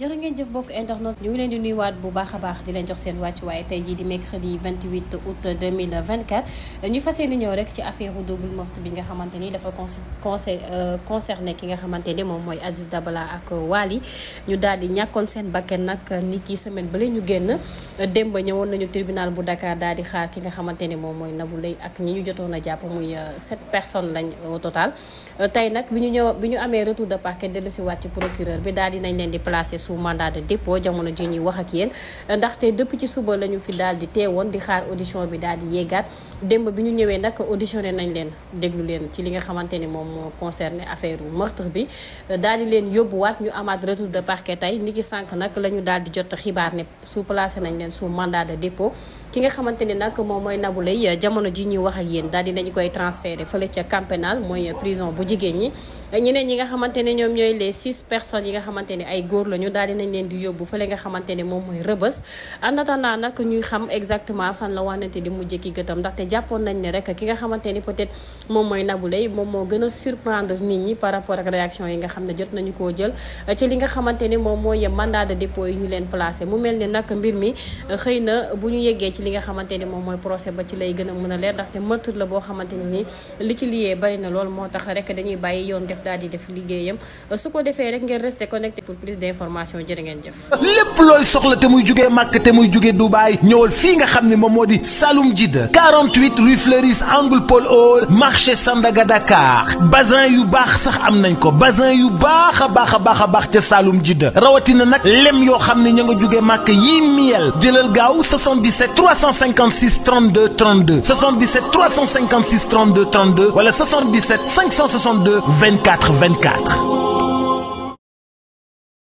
jërë ngeen jëf bokk internet ñu ngi leen di nuyuwaat bu baax a baax di leen jox seen wàccuwaay tey jii di mercredi 28 août 2024 ñu fas yéene ñëw rek ci affaire double meurtre bi nga xamante ni dafa concer euh, concerné ki nga xamante ni moom mooy Aziz Dabala ak Wally ñu daal di ñàkkoon seen bakken nag nit ki semaine ba ñu génn démb ñëwoon nañu tribunal bu Dakar daal di xaar ki nga xamante ni moom mooy Nabou Leye ak ñi ñu jotoon a jàpp muy euh, sept personnes lañ au total tey nag bi ñu ñëw bi ñu bi daal di nañ leen di placer sous mandat de dépôt jamono ji ñuy wax ak yéen ndaxte li nga ni moom moo concerné affaire meurtre bi daal di leen yóbbuwaat ñu amaat retour de parquet tey ni la ñu di jot xibaar ne sous placé nañ leen sous mandat de ni nag moom mooy Nabou Leye jamono ji ñuy wax ak yéen daal di nañu koy transféré fële ca camp pénal mooy prison bu jigéen ñi ñeneen ñi nga xamante ñoom ñooy les six personnes yi nga xamante ay góor lañu daal di nañ leen di yóbbu fële nga xamante ne moom mooy rëbës en attendant nag ñuy xam exactement fan la wanante di mujjee ki gëtam ndaxte jàppoon nañ ne rek ki nga xamante ni moom mooy Nabou Leye a surprendre nit ñi par rapport ak réaction ni moom mooy de dépôt yi ñu leen placé mu mel ne nag mbir mi euh, xëy na bu ñu yeggee ci li nga xamante ni moom mooy procès ba ci lay gën a mën a leer ndaxte meurtre la boo xamante ni nii li ci liyee bari na moo tax rek dañuy bàyyi yoon def daal di def liggéeyam su information jërë ngeen jëf. lépp looy soxla te muy jugee màkk te muy jugee Dubaay ñëwal fii nga xam ne moom moo di Saloum Jide 48 rue Fleuris angle Paul Hall marché Sandaga Dakar bazin yu baax sax am nañ ko basin yu baax a baax a baax a baax ca Saloum Jide rawatina nag lem yoo xam ne ña nga jugee màkk yii miel jëlal gaaw 77 356 32 32 77 356 32 32 wala 77 562 24 24.